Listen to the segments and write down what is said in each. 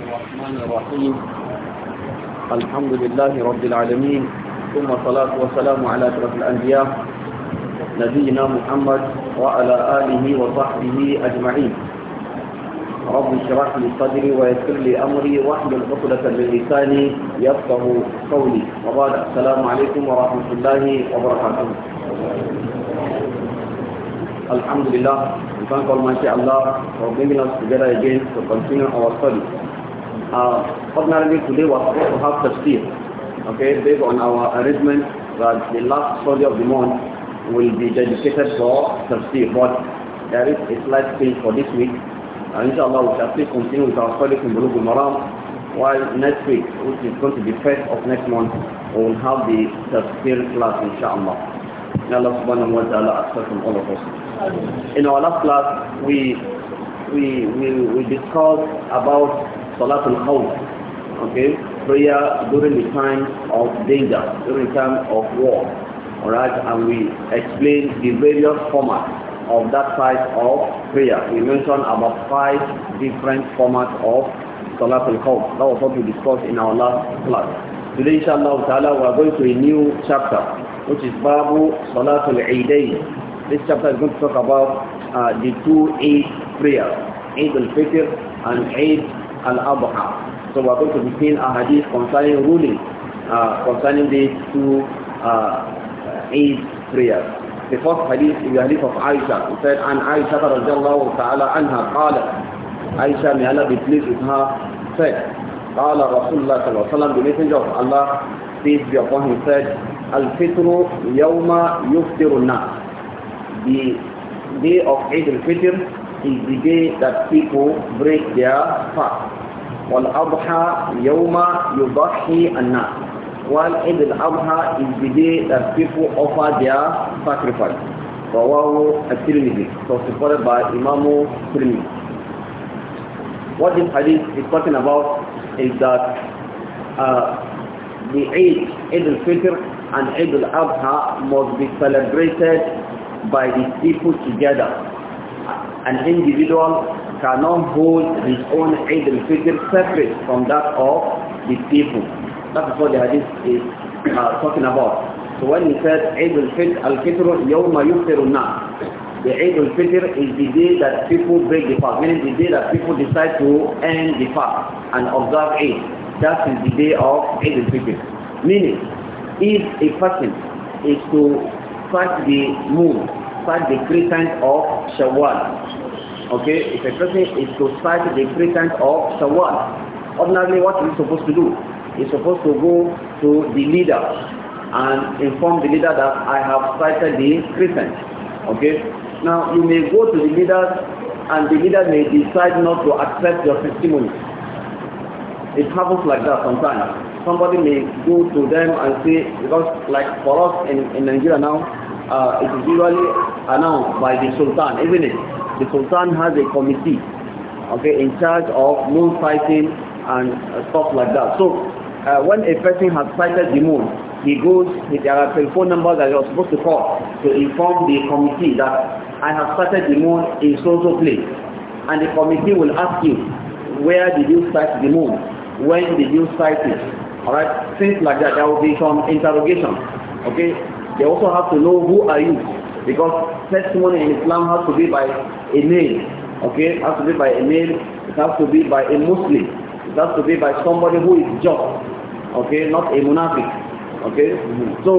الرحمن الرحيم الحمد لله رب العالمين ثم صلاة وسلام على أشرف الأنبياء نبينا محمد وعلى آله وصحبه أجمعين رب اشرح لي صدري ويسر لي أمري واحلل عقدة من لساني يفقه قولي وبعد السلام عليكم ورحمة الله وبركاته Alhamdulillah, we thank Almighty Allah for bringing us together again to continue our study. Uh, ordinarily today was supposed to have tafsir, okay, based on our arrangement that the last Saudi of the month will be dedicated for tafsir, but there is a slight change for this week. Uh, inshallah, we shall still continue with our study in Bulugh al-Maram, while next week, which is going to be first of next month, we will have the tafsir class, inshallah. May Allah subhanahu wa ta'ala accept from all of us. In our last class, we we, we, we discussed about Salatul Khawf, okay, prayer during the time of danger, during the time of war, alright, and we explain the various formats of that type of prayer. We mentioned about five different formats of Salatul Khawf. That was what we discussed in our last class. Today, inshallah ta'ala, we are going to a new chapter, which is Babu Salatul Eidain. This chapter is going to talk about uh, the two Eid prayers, Eid al-Fitr and Eid Al-Adha. So we're going to be seeing a hadith concerning ruling, uh, concerning these two uh, Eid prayers. The first hadith is the hadith of Aisha. He said, An Aisha radiallahu ta'ala anha qalat. Aisha, may Allah be pleased with her, said, قال رسول الله صلى الله عليه the messenger of Allah, peace be upon him, said, الفطر يوم يفطر الناس. The day of Eid al-Fitr is the day that people break their fast. والأضحى يوم يضحي الناس while Eid al-Adha is the day that people offer their sacrifice. Rawahu al so supported by Imam Tirmidhi. What this hadith is talking about is that uh, the Eid, Eid al-Fitr and Eid al-Adha must be celebrated by the people together an individual cannot hold his own Eid al-Fitr separate from that of the people. That's what the hadith is uh, talking about. So when he said Eid al-Fitr, al-Fitr yawma yuftiru The Eid al-Fitr is the day that people break the fast, meaning the day that people decide to end the fast and observe Eid. That is the day of Eid al-Fitr. Meaning, if a person is to fast the moon, fast the crescent of Shawwal, okay, if a person is to fight the pretense of someone, ordinarily what he's supposed to do? He's supposed to go to the leader and inform the leader that I have cited the crescent. Okay? Now you may go to the leader and the leader may decide not to accept your testimony. It happens like that sometimes. Somebody may go to them and say, because like for us in, in Nigeria now, uh, it is usually announced by the Sultan, isn't it? The Sultan has a committee, okay, in charge of moon sighting and uh, stuff like that. So uh, when a person has sighted the moon, he goes, there are uh, telephone numbers that you're supposed to call to inform the committee that I have sighted the moon in so-so place. And the committee will ask you, where did you sight the moon? When did you sight it? Alright, things like that. There will be some interrogation. Okay, they also have to know who are you. Because testimony in Islam has to be by a name. Okay? It has to be by a name. It has to be by a Muslim. It has to be by somebody who is just. Okay? Not a munafiq. Okay? Mm -hmm. So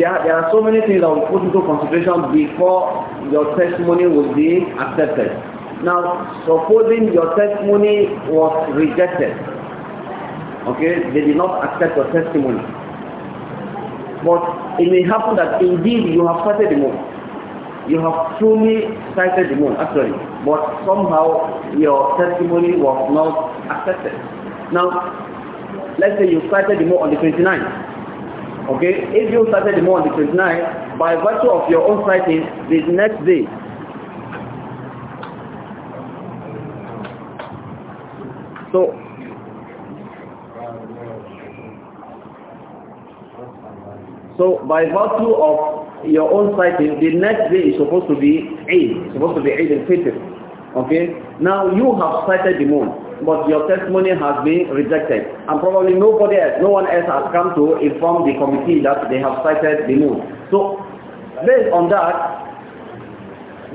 there are, there are so many things that we put into consideration before your testimony will be accepted. Now, supposing your testimony was rejected, okay, they did not accept your testimony. But it may happen that indeed you have sighted the moon. You have truly sighted the moon, actually. But somehow your testimony was not accepted. Now, let's say you sighted the moon on the 29th. Okay, if you sighted the moon on the 29th, by virtue of your own sighting, the next day, so So by virtue of your own sighting, the next day is supposed to be Eid, supposed to be Eid al-Fitr. Okay? Now you have sighted the moon, but your testimony has been rejected. And probably nobody else, no one else has come to inform the committee that they have sighted the moon. So based on that,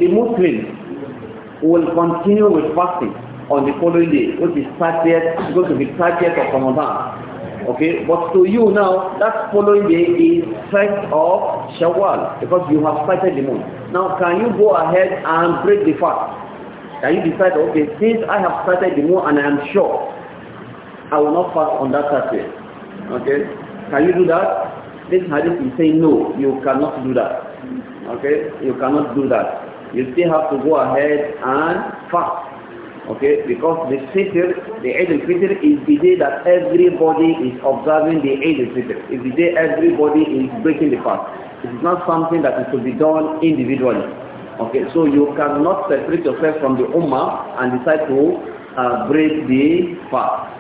the Muslims will continue with fasting on the following day, which is 30th, going to be 30th of Ramadan. Okay, but to you now, that following day is first of Shawwal because you have started the moon. Now, can you go ahead and break the fast? Can you decide, okay, since I have started the moon and I am sure, I will not fast on that Saturday. Okay, can you do that? This hadith is saying no, you cannot do that. Okay, you cannot do that. You still have to go ahead and fast. Okay, because the Fitr, the Eid al-Fitr is the day that everybody is observing the Eid al-Fitr. It's the day everybody is breaking the fast. It is not something that is to be done individually. Okay, so you cannot separate yourself from the Ummah and decide to uh, break the fast.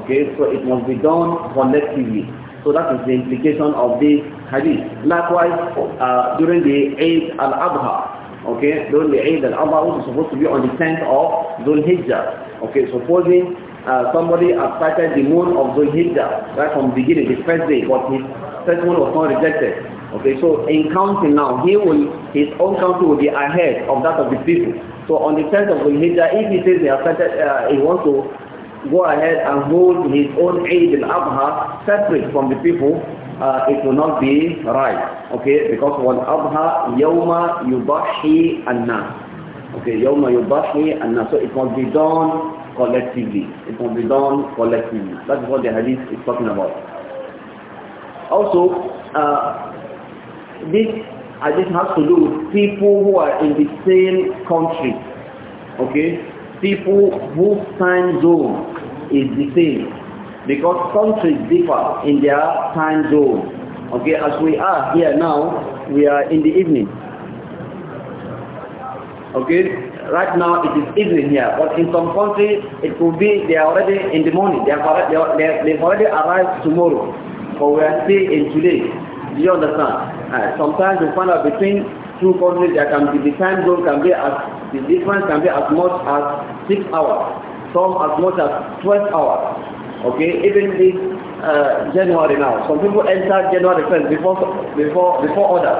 Okay, so it must be done collectively. So that is the implication of this hadith. Likewise, uh, during the Eid al-Adha, okay, Dhul Eid and Adha was supposed to be on the 10th of Dhul Okay, supposing uh, somebody has started the moon of Dhul right from the beginning, the first day, but his first moon was not rejected. Okay, so in counting now, he will, his own counting will be ahead of that of the people. So on the 10th of Dhul if he says he has started, uh, he wants to go ahead and hold his own Eid al-Adha separate from the people, uh, it will not be right. Okay, because abha yuma يُضَحِي anna, Okay, Yuma يُضَحِي anna. So it must be done collectively. It must be done collectively. That's what the hadith is talking about. Also, uh, this hadith has to do with people who are in the same country. Okay, people whose time zone is the same because countries differ in their time zone. Okay, as we are here now, we are in the evening. Okay, right now it is evening here, but in some countries it could be they are already in the morning, they have already, they have, they already arrived tomorrow, but we are still in today. Do you understand? Uh, sometimes we find out between two countries there can be the time zone can be as the difference can be as much as six hours, some as much as twelve hours. Okay, even this uh, January now, some people enter January 1st before, before, before order.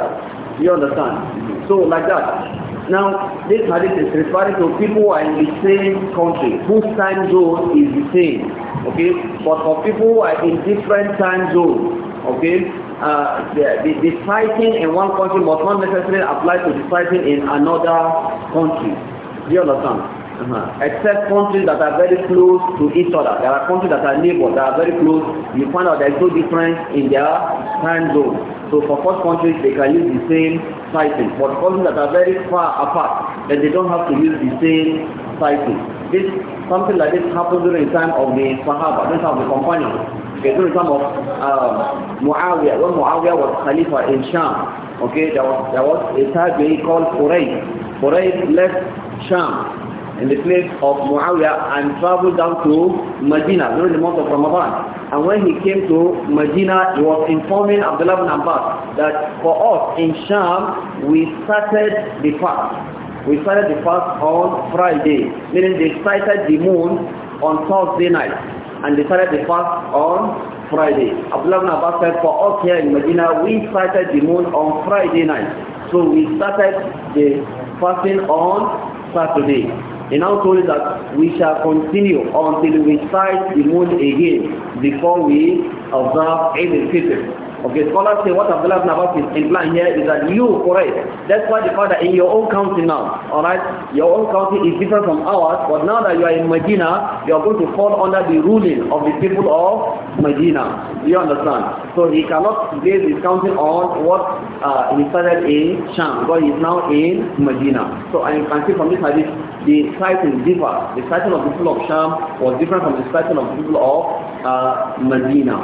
You understand? Mm-hmm. So like that. Now, this hadith is referring to people who are in the same country, whose time zone is the same, okay? But for people who are in different time zones, okay, uh, the, the, the fighting in one country must not necessarily apply to the fighting in another country. Do you understand? huh Except countries that are very close to each other. There are countries that are neighbors, that are very close. You find out there is no difference in their time zone. So for first countries, they can use the same cycle. But countries that are very far apart, then they don't have to use the same cycle. This something like this happened during the time of the Sahaba, the time of the companions. Okay, during the time of um, Muawiyah, when Muawiya was Khalifa in Sham, okay, there was, there was a tabi'i called Quraysh. Quraysh left Sham in the place of Muawiyah and traveled down to Medina during the month of Ramadan. And when he came to Medina, he was informing Abdullah ibn Abbas that for us in Sham, we started the fast. We started the fast on Friday, meaning they sighted the moon on Thursday night and they started the fast on Friday. Abdullah ibn Abbas said, for us here in Medina, we started the moon on Friday night. So we started the fasting on Saturday. He now told us that we shall continue until we sight the moon again before we observe Eid al-Fitr. Okay, scholars say what Abdullah ibn Abbas is implying here is that you, correct, that's why the father in your own county now, alright, your own county is different from ours, but now that you are in Medina, you are going to fall under the ruling of the people of Medina. Do you understand? So he cannot base his counting on what uh, he started in Sham, because he is now in Medina. So I can see from this hadith the titles differ. The title of the people of Sham was different from the title of the people of uh, Medina.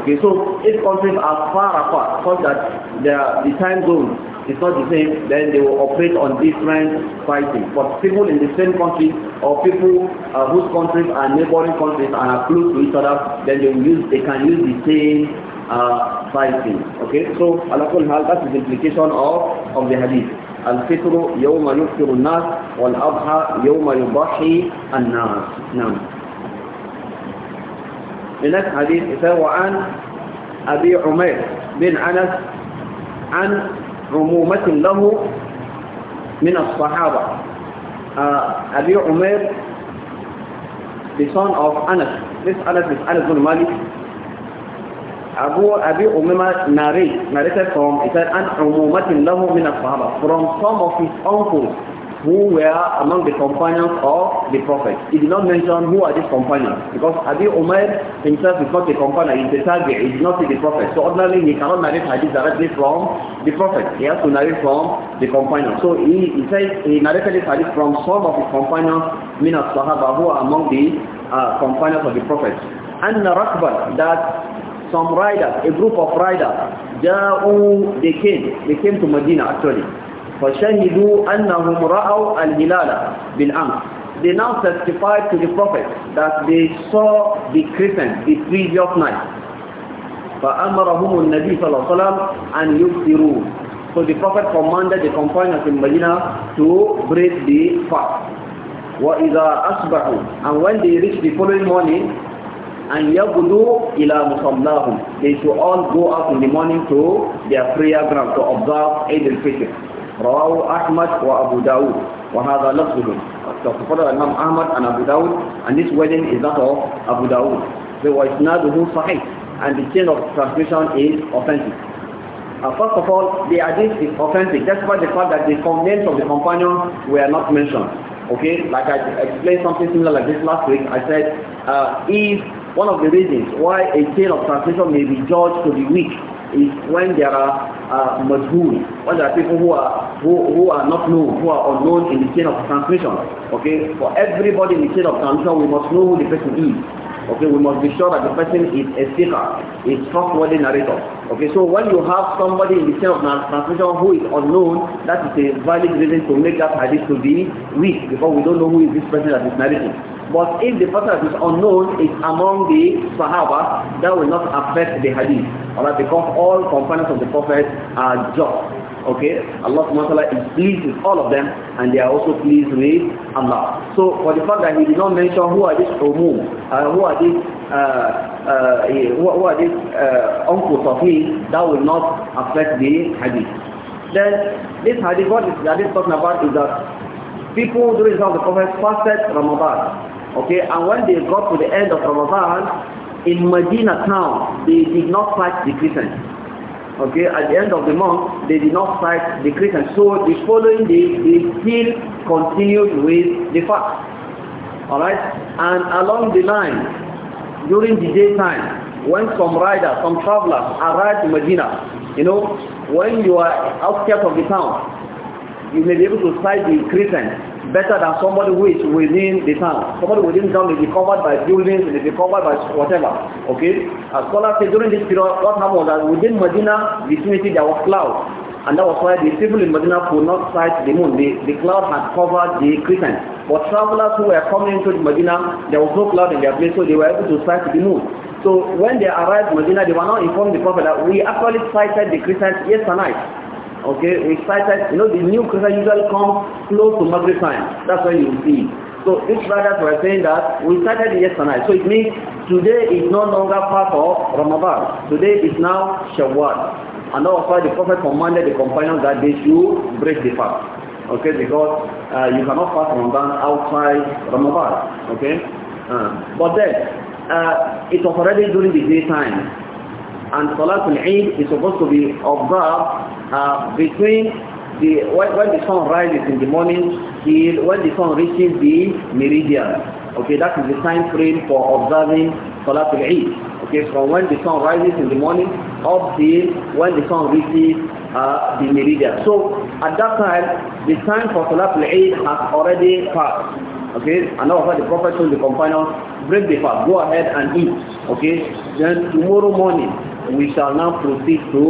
Okay, so if countries are far apart, such that their, the time zone is not the same, then they will operate on different fighting. But people in the same country or people uh, whose countries are neighboring countries and are close to each other, then they will use, they can use the same uh, fighting. Okay, so Allah is the implication of, of the hadith. الفطر يوم يفطر الناس والأضحى يوم يضحي الناس نعم لنك حديث فهو عن أبي عمير بن أنس عن عمومة له من الصحابة آه، أبي عمير the son of Anas this Anas is Abu Abi Umama narrated, narrated from, he said, An Umumatin lahu min sahaba from some of his uncles who were among the companions of the Prophet. He did not mention who are these companions because Abi Umar himself is not a companion, he's a target, he did not see the Prophet. So ordinarily he cannot narrate hadith directly from the Prophet. He has to narrate from the companions. So he, he says he narrated this hadith from some of his companions, min sahaba who are among the uh, companions of the Prophet. And Rakban, that some riders, a group of riders, جاءوا, they came, they came to Medina actually. فَشَهِدُوا أَنَّهُمْ رَأَوْا الْهِلَالَ بِالْأَمْرِ They now testified to the Prophet that they saw the crescent the previous night. فَأَمَرَهُمُ النَّبِي صَلَى اللَّهُ وسلم أَنْ يُبْتِرُوا So the Prophet commanded the companions in Medina to break the fast. وَإِذَا أَصْبَحُوا And when they reached the following morning, and yagudu ila musallahum. They should all go out in the morning to their prayer ground to observe Eid al-Fitr. رواه أحمد Abu داود وهذا لفظه تفضل الإمام أحمد عن Imam Ahmad and this wedding is that of Abu Dawud so وإسناده Sahih, and the chain of transmission is authentic uh, first of all the hadith is authentic why the fact that the names of the companions were not mentioned okay like I explained something similar like this last week I said uh, if one of the reasons why a chain of transmission may be judged to be weak is when there are uh, majhul, when there are people who are who, who are not known, who are unknown in the chain of transmission. Okay, for everybody in the chain of transmission, we must know who the person is. Okay, we must be sure that the person is a speaker, is trustworthy narrator. Okay, so when you have somebody in the chain of transmission who is unknown, that is a valid reason to make that hadith to be weak because we don't know who is this person that is narrating. But if the person is unknown is among the Sahaba, that will not affect the hadith. Alright, because all companions of the Prophet are just. Okay? Allah subhanahu wa ta'ala is pleased with all of them and they are also pleased with Allah. So for the fact that he did not mention who are these Umum, uh, who are these uh, uh, eh, who, who are these uh, uncles of his, that will not affect the hadith. Then this hadith, what is, that is talking about is that People during the the Prophet fasted Ramadan. Okay, and when they got to the end of Ramadan, in Medina town, they did not fight the Christians. Okay, at the end of the month, they did not fight the Christians. So the following day, they still continued with the fast. Alright? And along the line, during the daytime, when some riders, some travelers arrived in Medina, you know, when you are outskirts of the town, you may be able to size the increasement better than somebody who is within the town. Somebody within the town may be covered by buildings, may be covered by whatever. Okay? As scholars say, during this period, what happened was that within Medina vicinity there was cloud. And that was why the people in Medina could not sight the moon. The, the cloud had covered the crescent. But travelers who were coming into the Medina, there was no cloud in their place, so they were able to sight the moon. So when they arrived in Medina, they were not informed the Prophet that we actually sighted the crescent yesterday night. Okay, we started, you know, the new crescent usually comes close to Maghrib time. That's when you see. So these brothers were saying that we started yesterday. So it means today is no longer part of Ramadan. Today is now Shawwal. And that's why the Prophet commanded the companions that they should break the fast. Okay, because uh, you cannot fast Ramadan outside Ramadan. Okay? Uh, but then, uh, it was already during the daytime and Salatul Eid is supposed to be observed uh, between the when, when the sun rises in the morning till when the sun reaches the meridian. Okay, that is the time frame for observing Salatul Eid. Okay, from when the sun rises in the morning up till when the sun reaches uh, the meridian. So at that time, the time for Salatul Eid has already passed. Okay, and also the Prophet told the companions, break the fast, go ahead and eat. Okay, then tomorrow morning we shall now proceed to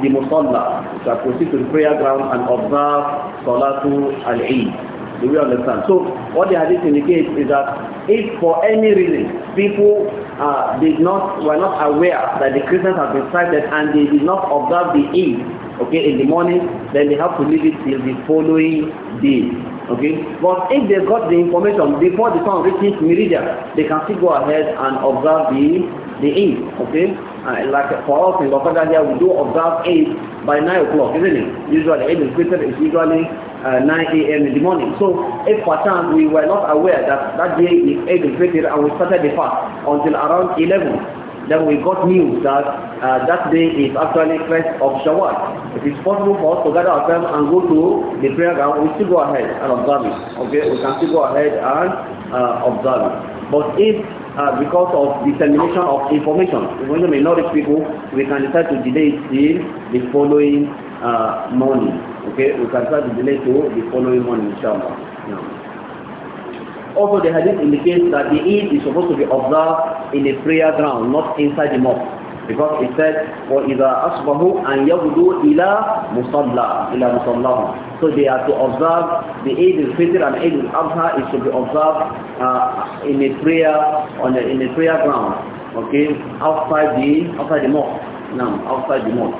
the Musalla. We shall proceed to the prayer ground and observe Salatu al-Eid. Do we understand? So what the hadith indicates is that if for any reason people uh, did not, were not aware that the Christians have been sighted and they did not observe the Eid, okay, in the morning, then they have to leave it till the following day. Okay? But if they got the information before the sun reaches meridian, they can still go ahead and observe the, the Eid. Okay? Uh, like for us in Bafagadia, we do observe Eid by nine o'clock, isn't it? Usually Eid is is usually uh, a.m. in the morning. So if per time we were not aware that that day is Eid is fitr and we started the fast until around eleven then we got news that uh, that day is actually first of Shawwal. It is possible for us to gather ourselves and go to the prayer ground. We still go ahead and observe it. Okay, we can still go ahead and uh, observe it. But if uh, because of dissemination of information, when you may not reach people, we can decide to delay till the following uh, morning. Okay, we can decide to delay to the following morning, inshallah. Yeah. Also, the hadith indicates that the Eid is supposed to be observed in a prayer ground, not inside the mosque. Because it said, وَإِذَا أَصْبَهُ أَنْ يَغْدُوا إِلَى مُصَلَّى إِلَى مُصَلَّهُ So they are to observe the Eid al-Fitr and Eid al-Adha is to be observed uh, in a prayer on a, in a prayer ground, okay, outside the outside the mosque, no, outside the mosque,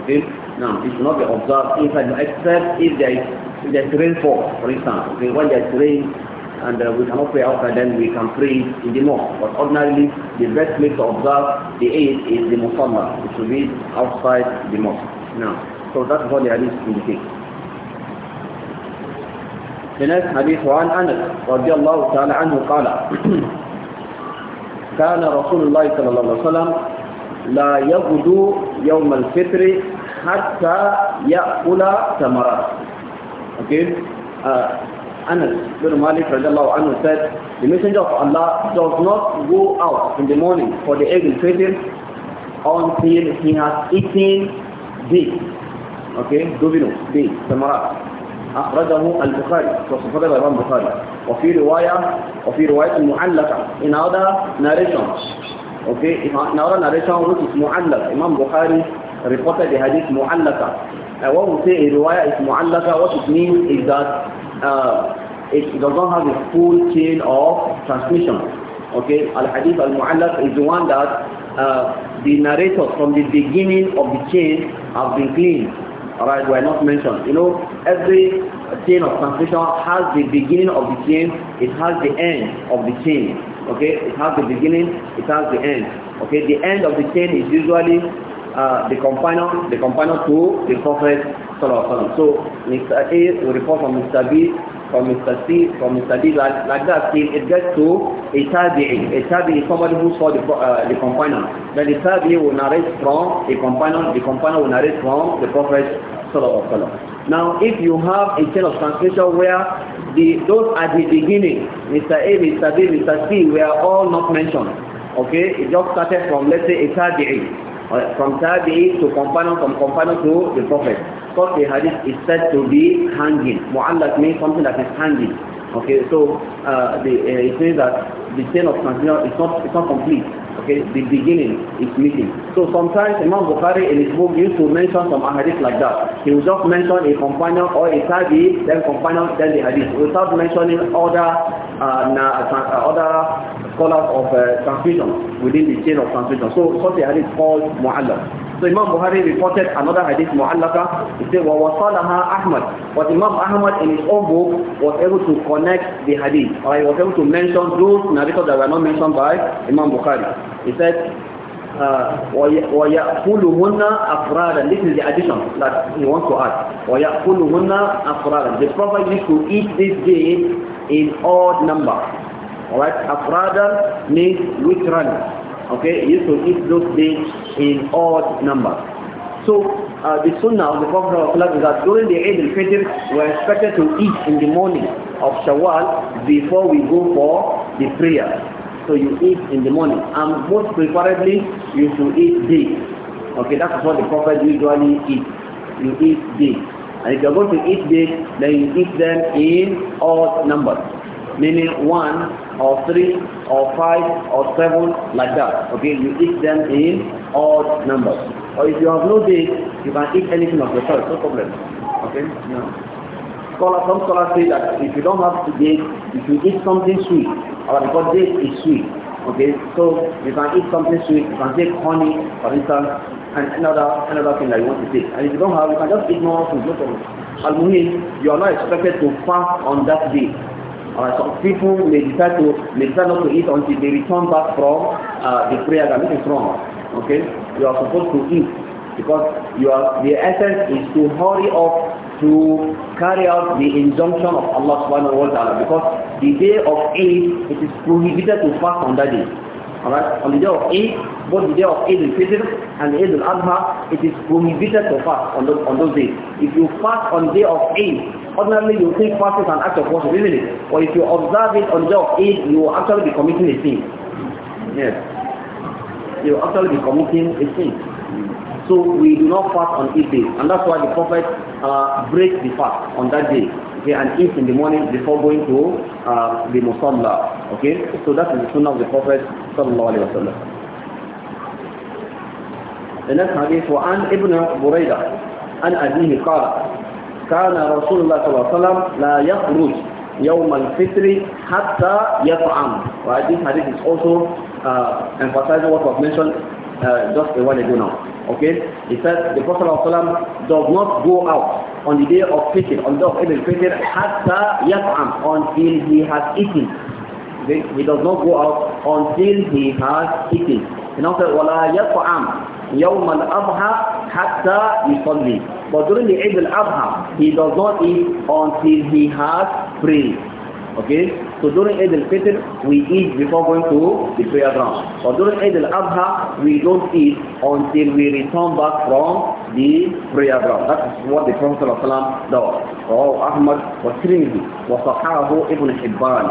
okay. Now it should not be observed inside, except if there is if there is rainfall, for instance, okay, when there is rain and uh, we cannot pray outside then we can pray in the mosque. But ordinarily, the best way to observe the Eid is the musalla, which will be outside the mosque. Now, so that's what the hadith indicates. The next hadith وعن Anas, رضي الله تعالى عنه قال كان رسول الله صلى الله عليه وسلم لا يغدو يوم الفطر حتى يأكل ثمرات. Okay? Uh, Anas bin Malik radiallahu anhu said, the messenger of Allah does not go out in the morning for the egg al-Fitr until he has eaten this. Okay, Dovino, the Samara. أخرجه البخاري وصفه الإمام البخاري وفي رواية وفي رواية معلقة in other narration okay in other narration which is معلق Imam Bukhari reported the hadith معلقة and what we say a رواية is معلقة what it means is that uh, it does not have a full chain of transmission. Okay, al-hadith al mu'allaf is the one that uh, the narrators from the beginning of the chain have been cleaned. Alright, were not mentioned. You know, every chain of transmission has the beginning of the chain, it has the end of the chain. Okay, it has the beginning, it has the end. Okay, the end of the chain is usually uh, the companion, the companion to the Prophet Sallallahu So Mr. A will report from Mr. B, from Mr. C, from Mr. D, like, like that till it gets to a tabi'i. A tabi'i is somebody who saw the, uh, the companion. Then the tabi'i will narrate from the companion, the companion will narrate from the Prophet Now if you have a chain of transmission where the, those at the beginning, Mr. A, Mr. B, Mr. C were all not mentioned. Okay, it just started from let's say a tabi'i from Tabi to companion, from companion to the Prophet. Because the hadith is said to be hanging. Mu'allak means something that is hanging. Okay, so uh, the, uh, it means that the chain of transmission is not, it's not complete. Okay, the beginning is missing. So sometimes Imam Bukhari in his book used to mention some hadith like that. He would just mention a companion or a tabi, then companion, then the hadith. Without mentioning other uh, na, uh, other scholars of uh, transmission within the chain of transmission. So such a hadith called Mu'allaf. So Imam Buhari reported another hadith Mu'allafa. He said, وَوَصَلَهَا Ahmad. But Imam Ahmad in his own book was able to connect the hadith. Or he was able to mention those narrators that were not mentioned by Imam Bukhari. He said, وَيَأْكُلُهُنَّ uh, أَفْرَادًا This is the addition that he wants to add. وَيَأْكُلُهُنَّ أَفْرَادًا The Prophet used to eat this day in odd number. Alright, afradan means witran. Okay, you should eat those dates in odd numbers. So uh, the sunnah of the Prophet is that during the Eid al-Fitr, we're expected to eat in the morning of Shawwal before we go for the prayer. So you eat in the morning. And most preferably, you should eat dates. Okay, that's what the Prophet usually eats. You eat dates. And if you're going to eat dates, then you eat them in odd numbers. Meaning one, or three or five or seven like that. Okay, you eat them in odd numbers. Or if you have no date, you can eat anything of yourself, no problem. Okay? No. Scholar, some scholars say that if you don't have date, if you eat something sweet, or because date is sweet, okay, so you can eat something sweet, you can take honey, for instance, and another another thing that you want to take. And if you don't have, you can just eat more food, no problem. Al-Muhim, you are not expected to fast on that day. Uh, some people may decide to may decide not to eat until they return back from uh, the prayer that is wrong. Okay, you are supposed to eat because you are the essence is to hurry up to carry out the injunction of Allah Subhanahu wa Taala because the day of Eid it is prohibited to fast on that day. Alright, on the day of Eid, both the day of Eid al-Fitr and Eid al-Adha, it is prohibited to fast on those, on those days. If you fast on the day of Eid, Ordinarily, you think fast is an act of worship, isn't it? Or if you observe it on job, day you will actually be committing a sin. Yes. You will actually be committing a sin. So we do not fast on Eid day. And that's why the Prophet uh, breaks the fast on that day. Okay, and eat in the morning before going to uh, the Musalla. Okay, so that is the sunnah of the Prophet sallallahu alaihi wasallam. The next hadith was an Ibn Buraidah an أبيه قال كان رسول الله صلى الله عليه وسلم لا يخرج يوم الفطر حتى يطعم وهذه hadith is also uh, emphasizing what was mentioned uh, just a while ago now okay he said the Prophet ﷺ does not go out on the day of fitr on the day of Eid al-Fitr حتى يطعم until he has eaten okay? he does not go out until he has eaten he now said ولا يطعم يوم الأضحى حتى يصلي but during the Eid al-Adha he does not eat until he has prayed okay so during Eid al-Fitr we eat before going to the prayer ground but during Eid al-Adha we don't eat until we return back from the prayer ground that is what the Prophet ﷺ does oh Ahmad wa Tirmidhi wa Sahahu Ibn Hibban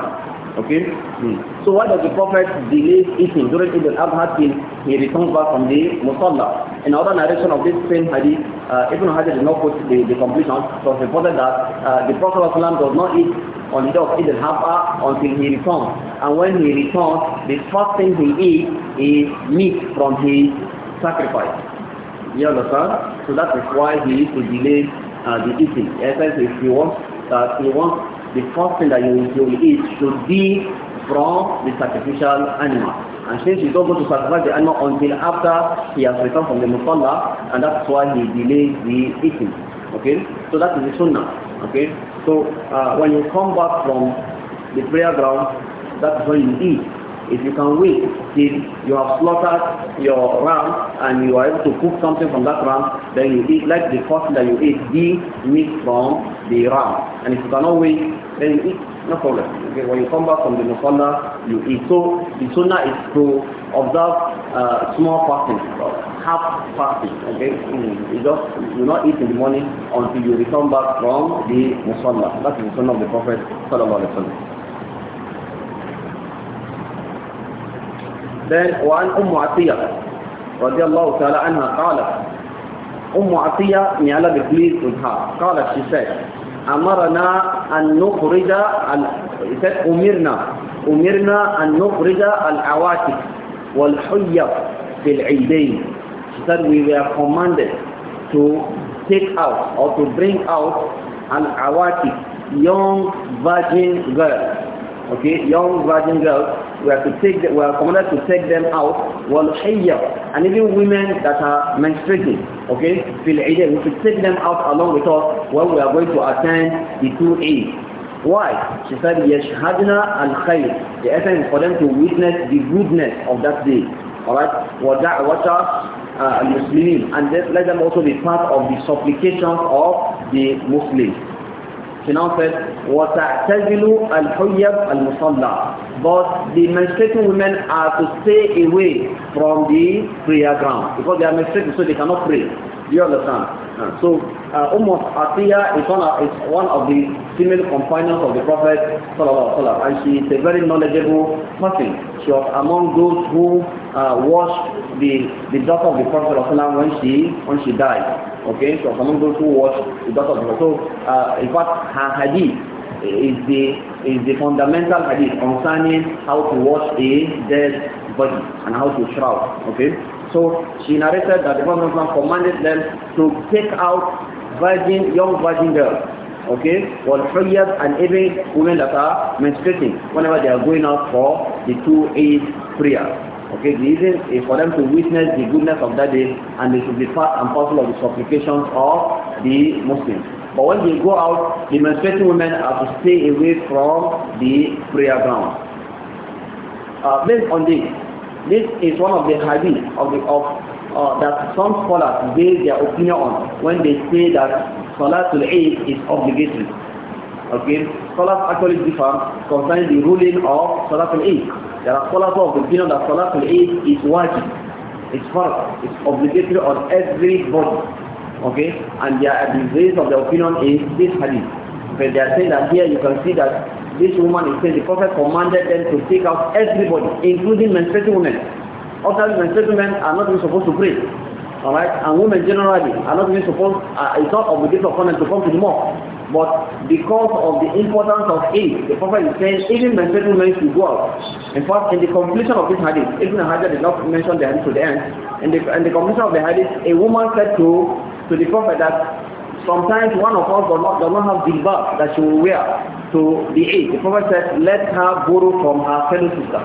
Okay? Hmm. So why does the Prophet delay eating during Eid al-Adha till he returns back from the Musalla? Another narration of this same hadith, uh, Ibn Hajar did not put the, the completion, so he reported that uh, the Prophet does not eat on the day of Eid al-Adha until he returns. And when he returns, the first thing he eats is meat from his sacrifice. You understand? So that is why he needs to delay uh, the eating. In essence, if he wants, uh, he wants the first thing that you will eat should be from the sacrificial animal. And since you don't go to sacrifice the animal until after he has returned from the musalla, and that's why he delays the eating. Okay? So that is the sunnah. Okay? So uh, when you come back from the prayer ground, that's when you eat. If you can wait till you have slaughtered your ram and you are able to cook something from that ram, then you eat like the first that you eat the meat from the ram. And if you cannot wait, then you eat, no problem. Okay, when you come back from the musalla, you eat. So the sunnah is to observe uh, small fasting, half fasting. Okay, mm, you just do not eat in the morning until you return back from the musalla. That is the sunnah of the Prophet sallallahu alaihi wasallam. وعن أم عطية رضي الله تعالى عنها قالت أم عطية نعلا بكليس منها قالت شساك أمرنا أن نخرج أمرنا أمرنا أن نخرج العواتق والحية في العيدين She said we were commanded to take out or to bring out al awati, young virgin girls okay, young virgin girls, we are to take them, we are commanded to take them out, wal and even women that are menstruating, okay, fil we should take them out along with us when we are going to attend the two Eid. Why? She said, yashhadna al-khayr. The essence is for them to witness the goodness of that day. Alright? us, uh, al-Muslimin. And let them also be part of the supplication of the Muslims she now said, وَتَعْتَزِلُ الْحُيَّبْ الْمُصَلَّى But the menstruating women are to stay away from the prayer ground because they are menstruating so they cannot pray. you understand? Uh, so uh, Umm is one, of, is one of the female companions of the Prophet and she is a very knowledgeable person. She was among those who uh, washed the, the daughter of the Prophet when she, when she died. Okay, so among those who washed the daughter of the Prophet. So uh, in fact her hadith is the, is the fundamental hadith concerning how to wash a dead body and how to shroud. Okay. So she narrated that the Prophet commanded them to take out virgin, young virgin girls. Okay, well, prayers and even women that are menstruating whenever they are going out for the two Eid prayer. Okay, the reason is for them to witness the goodness of that day and they should be part and parcel of the supplications of the Muslims. But when they go out, the menstruating women are to stay away from the prayer ground. Uh, based on this, this is one of the hadith of, the, of uh, that some scholars base their opinion on when they say that Salatul Eid is obligatory. Okay, scholars actually differ concerning the ruling of Salatul Eid. There are scholars of the opinion that Salatul Eid is wajib, it's farz, it's obligatory on everybody. Okay, and their the base of the opinion is this hadith. Okay, they are saying that here you can see that this woman is saying the Prophet commanded them to take out everybody, including menstruating women. Also, menstruating women are not even supposed to pray. Alright? And women generally are not even supposed, uh, it's not obligated upon them to come to the mosque. But because of the importance of it, the Prophet is saying even menstruating women should go out. In fact, in the completion of this hadith, even the hadith did not mention the hadith to the end, in the, in the completion of the hadith, a woman said to, to the Prophet that sometimes one of us does not, does not have jilbab that she will wear to the aid. The Prophet said, let her borrow from her fellow sister.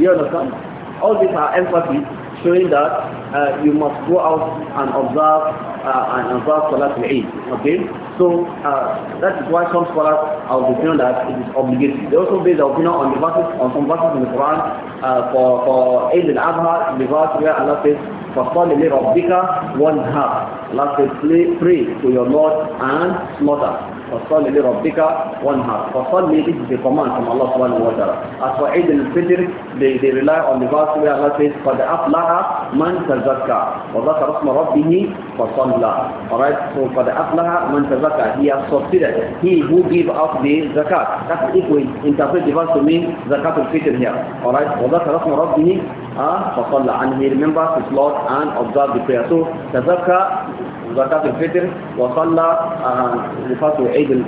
You understand? All these are emphasis showing that uh, you must go out and observe uh, and observe Salat al-Eid. Okay? So uh, that is why some scholars are of the opinion that it is obligatory. They also base their opinion on the verses, on some verses in the Quran uh, for for Eid al-Adha, the verse where Allah says, "Fasal li Rabbika one half." Allah says, "Pray to your Lord and slaughter." فصل لربك وانهار فصل this is the command from Allah subhanahu wa as for Eid al-Fitr they, they rely on the verse where Allah says قَدْ أَفْلَحَ مَنْ تَزَكَّى وَذَكَرَ اسْمَ رَبِّهِ فَصَلَّى alright so قَدْ أَفْلَحَ مَنْ تَزَكَّى he has succeeded he who gave out the zakat that's if we interpret the verse to mean zakat al-Fitr here alright وَذَكَرَ اسْمَ رَبِّهِ فَصَلَّى and he remembers his Lord and observes the prayer so تَزَكَّى zakat al-fitr wa salah uh, refer to Eid al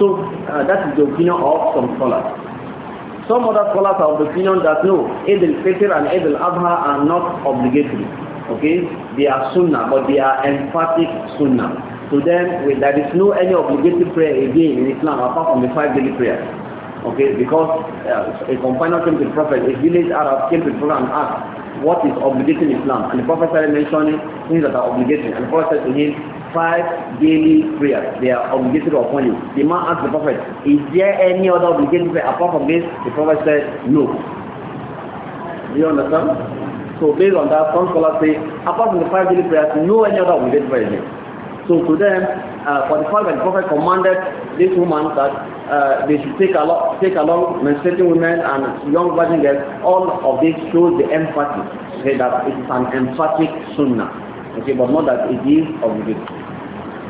So uh, that is the opinion of some scholars. Some other scholars have the opinion that no, Eid al and Eid al are not obligatory. Okay, they are sunnah, but they are emphatic sunnah. So then, there is no any obligatory prayer again in Islam apart from the five daily prayers. Okay, because uh, a companion came to the Prophet, a village Arab came to the Prophet and asked, what is obligating Islam. And the Prophet started mentioning things that are obligating. And the Prophet said to him, five daily prayers, they are obligated upon you. The man asked the Prophet, is there any other obligation prayer apart from this? The Prophet said, no. Do you understand? So based on that, some scholars say, apart from the five daily prayers, no any other obligation prayer So to them, uh, for the fact that the Prophet commanded this woman that uh, they should take along, take along menstruating women and young virgin girls, all of this shows the emphasis, okay, that it is an emphatic sunnah, okay, but not that it is obligatory.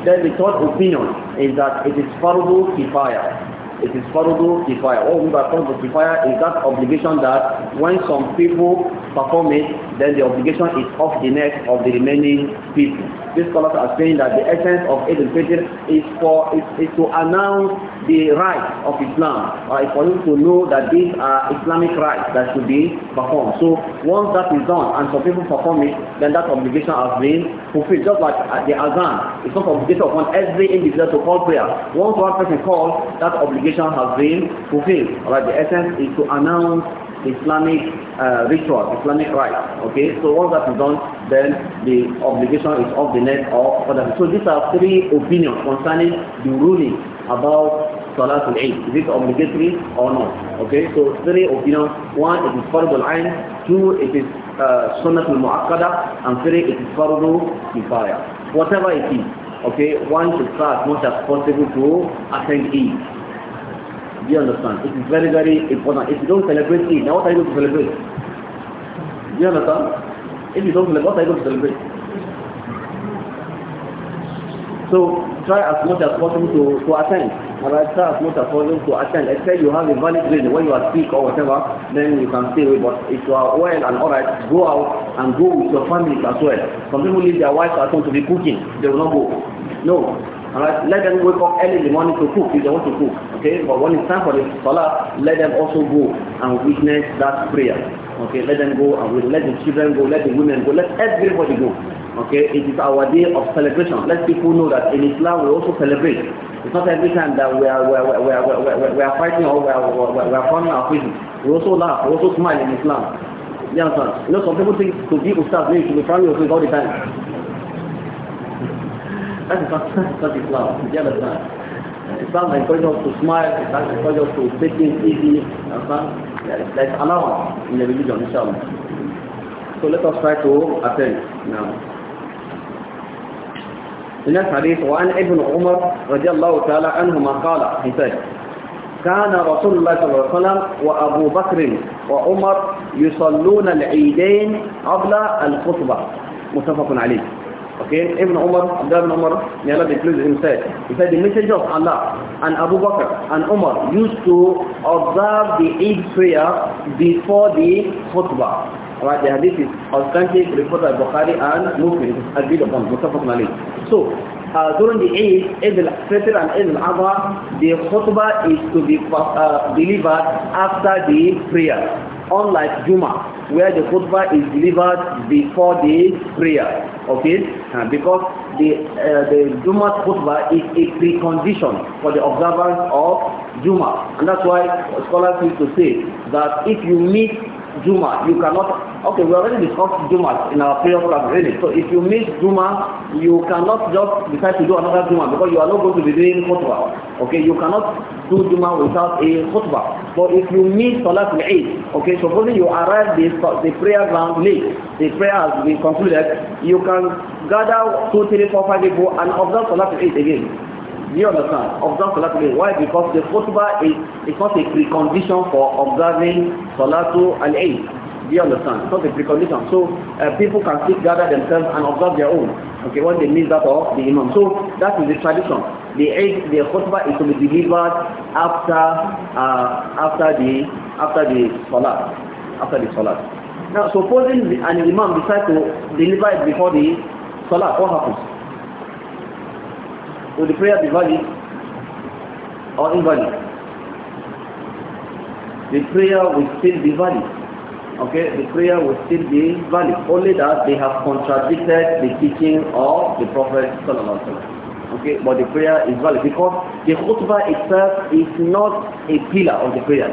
Then the third opinion is that it is farbu kifaya, it is fardu kifaya. What we mean by fardu kifaya is that obligation that when some people perform it, then the obligation is off the neck of the remaining people. These scholars are saying that the essence of Eid al-Fitr is for is, is to announce the rights of Islam right? Uh, for him to know that these are Islamic rights that should be performed. So once that is done and some people perform it, then that obligation has been fulfilled. Just like uh, the Azan, it's not obligation upon every individual to call prayer. Once one person calls, that obligation has been fulfilled. Alright, the essence is to announce Islamic uh, ritual, Islamic rite. Okay, so once that is done, then the obligation is off the neck of others. So these are three opinions concerning the ruling about Salat al Eid. Is it obligatory or not? Okay, so three opinions. One, it is Fardul Ain. Two, it is uh, al Mu'akkada. And three, it is Fardu Kifaya. Whatever it is, okay, one should try as much as possible to attend Eid. Do you understand? It is very, very important. If you don't celebrate Eid, now what are you going to celebrate? Do you understand? If you don't celebrate, what are you going to celebrate? So try as much as possible to, to attend. Alright, try as much as possible to attend. Except you have a valid reason when you are sick or whatever, then you can stay away. But if you are well and alright, go out and go with your family as well. Some people leave their wives at home to be cooking. They will not go. No. Alright, let them wake up early in the morning to cook if they want to cook. Okay, but when it's time for the salah, let them also go and witness that prayer. Okay, let them go and let the children go, let the women go, let everybody go. Okay, it is our day of celebration. Let people know that in Islam we also celebrate. It's not every time that we are, we are, we are, we are, we are fighting or we are, we are, we are finding our prison. We also laugh, we also smile in Islam. You understand? You know, some people think to be Ustaz means to be family all the time. That is not, not Islam. You understand? Islam encourages us to smile, Islam encourages us to take things easy, you understand? There's allowance in the religion, inshallah. So let us try to attend now. من الحديث وعن ابن عمر رضي الله تعالى عنهما قال حسين كان رسول الله صلى الله عليه وسلم وأبو بكر وعمر يصلون العيدين قبل الخطبة متفق عليه Okay, Ibn Umar, Abdullah الله Umar, may Allah be pleased with him said, he said the أبو of Allah and Abu Bakr and Umar used to observe the Eid prayer before the خطبة Right, the hadith is authentic reported by Bukhari and Muslim, agreed upon, Mustafa Ali. So, uh, during the Eid, Eid al-Fitr and Eid al-Adha, the khutbah is to be uh, delivered after the prayer, unlike Juma, where the khutbah is delivered before the prayer. Okay? Uh, because the, uh, the Juma khutbah is a precondition for the observance of Juma. And that's why scholars used to say that if you meet Juma, you cannot, okay, we already discussed Juma in our previous class, really. So if you miss Juma, you cannot just decide to do another Juma because you are not going to be doing khutbah. Okay, you cannot do Juma without a khutbah. So if you miss Salat al-Eid, okay, supposing you arrive the, the prayer ground late, the prayer has been concluded, you can gather two, three, four, five people and observe Salat al-Eid again you understand? Observe Salatul Eid. Why? Because the khutbah is, is not a precondition for observing salatu al Eid. Do you understand? It's not a precondition. So uh, people can still gather themselves and observe their own. Okay, when they miss that of the Imam. So that is the tradition. The Eid, the khutbah is to be delivered after, uh, after the, after the Salat. After the Salat. Now supposing an Imam decides to deliver it before the Salat, what happens? Will the prayer be valid or invalid? The prayer will still be valid. Okay, the prayer will still be valid. Only that they have contradicted the teaching of the Prophet Okay, but the prayer is valid because the khutbah itself is not a pillar of the prayer.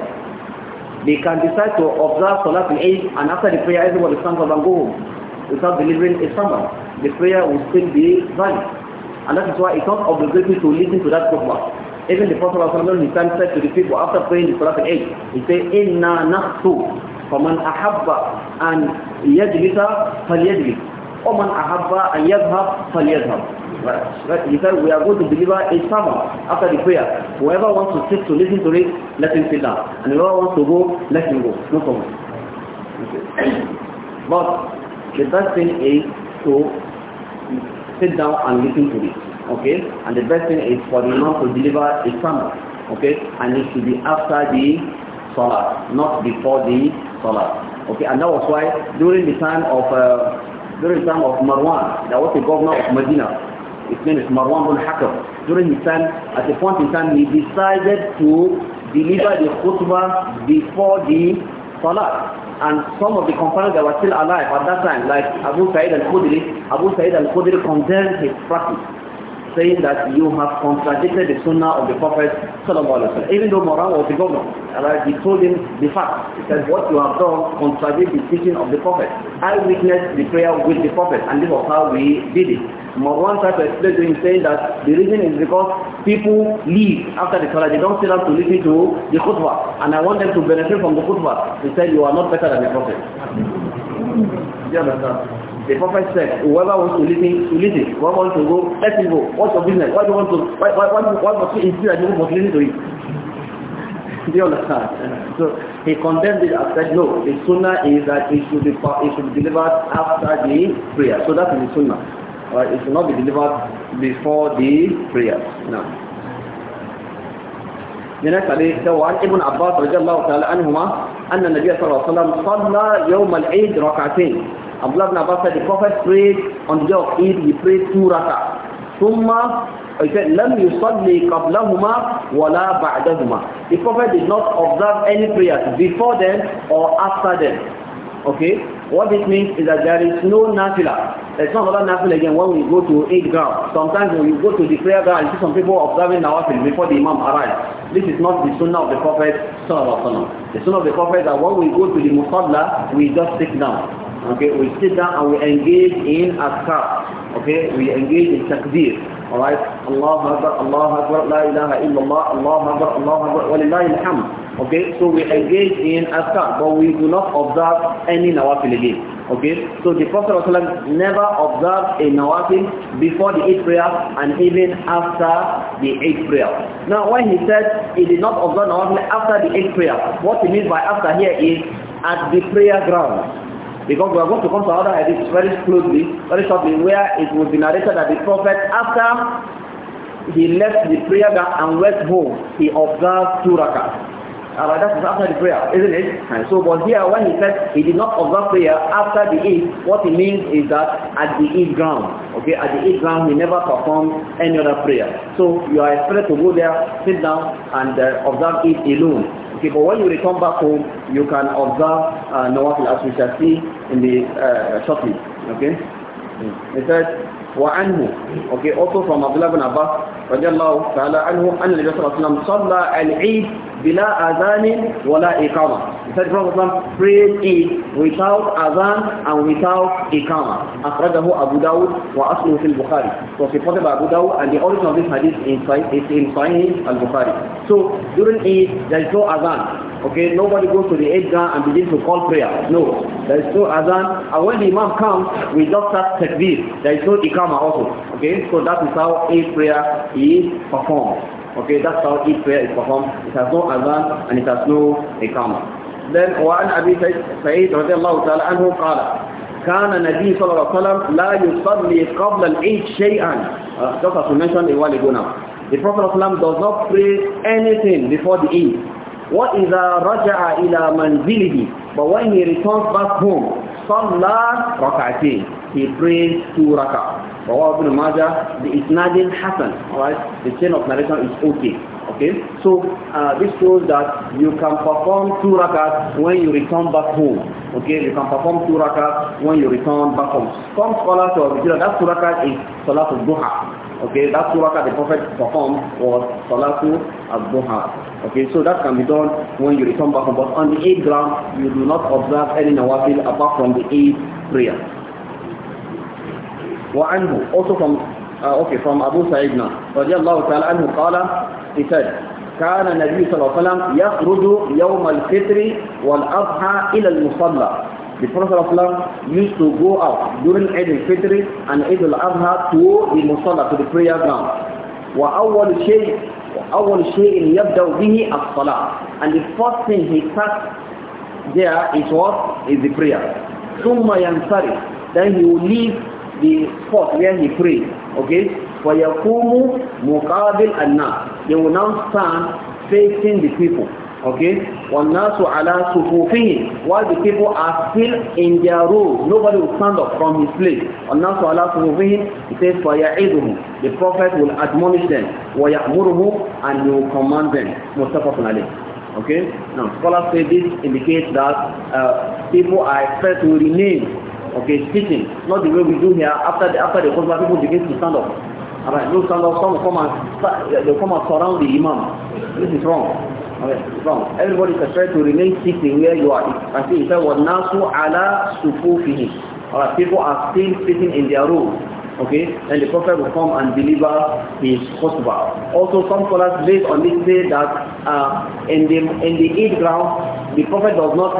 They can decide to observe Salat al-Eid and after the prayer everybody stands up and go home without delivering a sermon. The prayer will still be valid. And that is why it's not obligatory to listen to that khutbah. Even the Prophet his time said to the people after praying the Salat al 8, he said, Inna naqtu faman ahabba an yajlisa falyajlis. ومن أحب أن يذهب فليذهب right. right. He said we are going to deliver a sermon after the prayer whoever wants to sit to listen to it let him sit down and whoever wants to go let him go no problem okay. but the best thing is to sit down and listen to it. Okay? And the best thing is for the Imam to deliver a sermon. Okay? And it should be after the Salah, not before the Salah. Okay? And that was why during the time of uh, during the time of Marwan, there was a governor of Medina. His name is Marwan bin Hakam. During his time, at a point in time, he decided to deliver the khutbah before the Salah and some of the companions that were still alive at that time, like Abu Sa'id al-Khudri, Abu Sa'id al-Khudri condemned his practice, saying that you have contradicted the sunnah of the Prophet Even though Moran was the governor, Allah, he told him the fact. He said, what you have done contradicts the teaching of the Prophet. I witnessed the prayer with the Prophet, and this was how we did it. one type explains to him saying that the reason is because people leave after the salah. They don't sit up to listen to the khutbah. And I want them to benefit from the khutbah. He said, you are not better than the prophet. Do you understand? The prophet said, whoever wants to listen, to listen. Whoever wants to go, let him go. What's your business? Why do you want to, why, why, why, why must you insist that you must listen to it? Do you understand? So he condemned it and said, no, the sunnah is that it should be, it should be delivered after the prayer. So that is the sunnah. it should not be delivered before the prayers. Now, من حديث عن ابن عباس رضي الله تعالى عنهما أن النبي صلى الله عليه وسلم صلى يوم العيد ركعتين Abdullah ibn Abbas said the Prophet prayed on the day of Eid he prayed two rak'ah ثم he said لم يصلي قبلهما ولا بعدهما The Prophet did not observe any prayers before them or after them Okay What this means is that there is no nafila. It's not another nafila again when we go to eight ground. Sometimes when you go to the prayer ground, you see some people observing nawafil before the imam arrives. This is not the sunnah of the Prophet Sallallahu Alaihi Wasallam. The sunnah of the Prophet that when we go to the musalla, we just sit down. Okay, we sit down and we engage in askar. Okay, we engage in takbir. Alright, Allah Akbar, Allah Akbar, La ilaha illallah, Allah Akbar, Allah Akbar, walillahi alhamd. Okay, so we engage in askar, but we do not observe any nawafil again. Okay, so the Prophet ﷺ never observed a nawafil before the eight prayer and even after the eight prayer. Now when he said he did not observe nawafil after the eight prayer, what he means by after here is at the prayer ground. Because we are going to come to another hadith very closely, very shortly, where it will be narrated that the Prophet, after he left the prayer and went home, he observed two rakahs. Uh, that is after the prayer, isn't it? And so, but here when he said he did not observe prayer after the Eid, what he means is that at the Eid ground, okay, at the Eid ground he never performed any other prayer. So you are expected to go there, sit down and uh, observe it alone. Okay, but when you return back home, you can observe uh, Nawafil as we shall see in the uh, shortly. Okay? It hmm. says, wa anhu. okay also from Abdullah bin Abbas رضي الله تعالى عنه أن النبي صلى الله عليه وسلم صلى العيد bila adhanin wala iqama. The Prophet Muhammad prayed it without azan and without ikama. Akhrajahu Abu Dawud wa asluhu fil Bukhari. So it's reported by Abu Dawud and the origin of this hadith is in Sahih al-Bukhari. So during Eid there is no azan. Okay, nobody goes to the Eidgah and begins to call prayer. No, there is no Azan. And when the Imam comes, we just start takbir. There is no Ikama also. Okay, so that is how Eid prayer is performed. Okay, that's how each prayer is performed. It has no adhan and it has no ikama. Then, وعن أبي سعيد رضي الله تعالى عنه قال كان النبي صلى الله عليه وسلم لا يصلي قبل العيد شيئا uh, just as we mentioned a while ago now the prophet of islam does not pray anything before the eid what is a raja'a ila manzilihi but when he returns back home salat rakatain he prays two rak'ah رواه ابن ماجه بإسناد حسن alright the chain of narration is okay okay so uh, this shows that you can perform two rakat when you return back home okay you can perform two rakat when you return back home some scholars will consider that two rakat is salatul duha Okay, that two rakat the Prophet performed was Salatu al-Duha. Okay, so that can be done when you return back home. But on the eighth ground, you do not observe any nawafil apart from the eighth prayer. وعنه also from uh, okay from Abu Sa'id now رضي الله تعالى عنه قال he said كان النبي صلى الله عليه وسلم يخرج يوم الفطر والأضحى إلى المصلى The Prophet of Islam used to go out during Eid al-Fitr and Eid al-Adha to the Musalla, to the prayer ground. وأول شيء وأول شيء يبدأ به الصلاة and the first thing he starts there is what is the prayer ثم ينصرف then he will leave the spot where he prayed. Okay? For وَيَقُومُ مُقَابِلْ النَّاسِ They will now stand facing the people. Okay? وَالنَّاسُ عَلَى صُفُوفِهِمْ While the people are still in their row, nobody will stand up from his place. وَالنَّاسُ عَلَى صُفُوفِهِمْ He says, فَيَعِدُهُمْ The Prophet will admonish them. وَيَأْمُرُهُمْ And he will command them. Mustafa alayhi. Okay? Now, scholars say this indicates that uh, people are expected to remain okay, speaking, not the way we do here. After the, after the khutbah, people begin to stand up. All right, no stand up, some come and, they come and surround the imam. This is wrong. All right, wrong. Everybody is try to remain sitting where you are. I see, it was وَالنَّاسُ ala سُفُوفِهِ All right, people are still sitting in their room. Okay, and the Prophet will come and deliver his khutbah. Also, some scholars based on this say that uh, in the in the Eid ground, the Prophet does not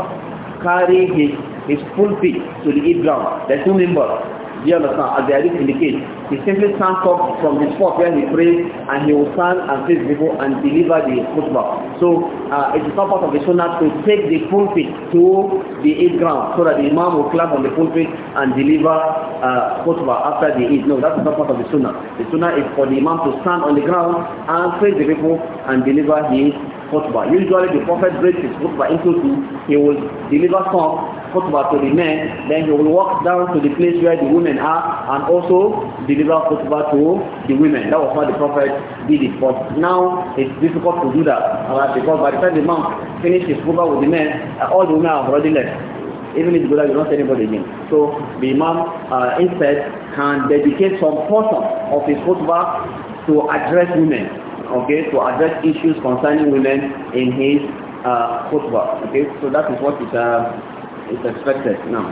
carry his is pulpit to the east ground. There two members. Do you understand? As the hadith indicates, he simply stands up from his spot where he prays and he will stand and face people and deliver the khutbah. So uh, it is not part of the sunnah to take the pulpit to the Eid ground so that the imam will clap on the pulpit and deliver uh, khutbah after the Eid. No, that is not part of the sunnah. The sunnah is for the imam to stand on the ground and face the people and deliver his khutbah. Usually the prophet breaks his khutbah into two. He will deliver some khutbah to the men, then he will walk down to the place where the women are and also deliver khutbah to the women. That was how the Prophet did it. But now it's difficult to do that right? because by the time the man finished his khutbah with the men, uh, all the women have already left. Even if the go there, you don't see anybody again. So the Imam uh, instead can dedicate some portion of his khutbah to address women, okay, to address issues concerning women in his uh, khutbah. Okay, so that is what is. uh, It's expected now.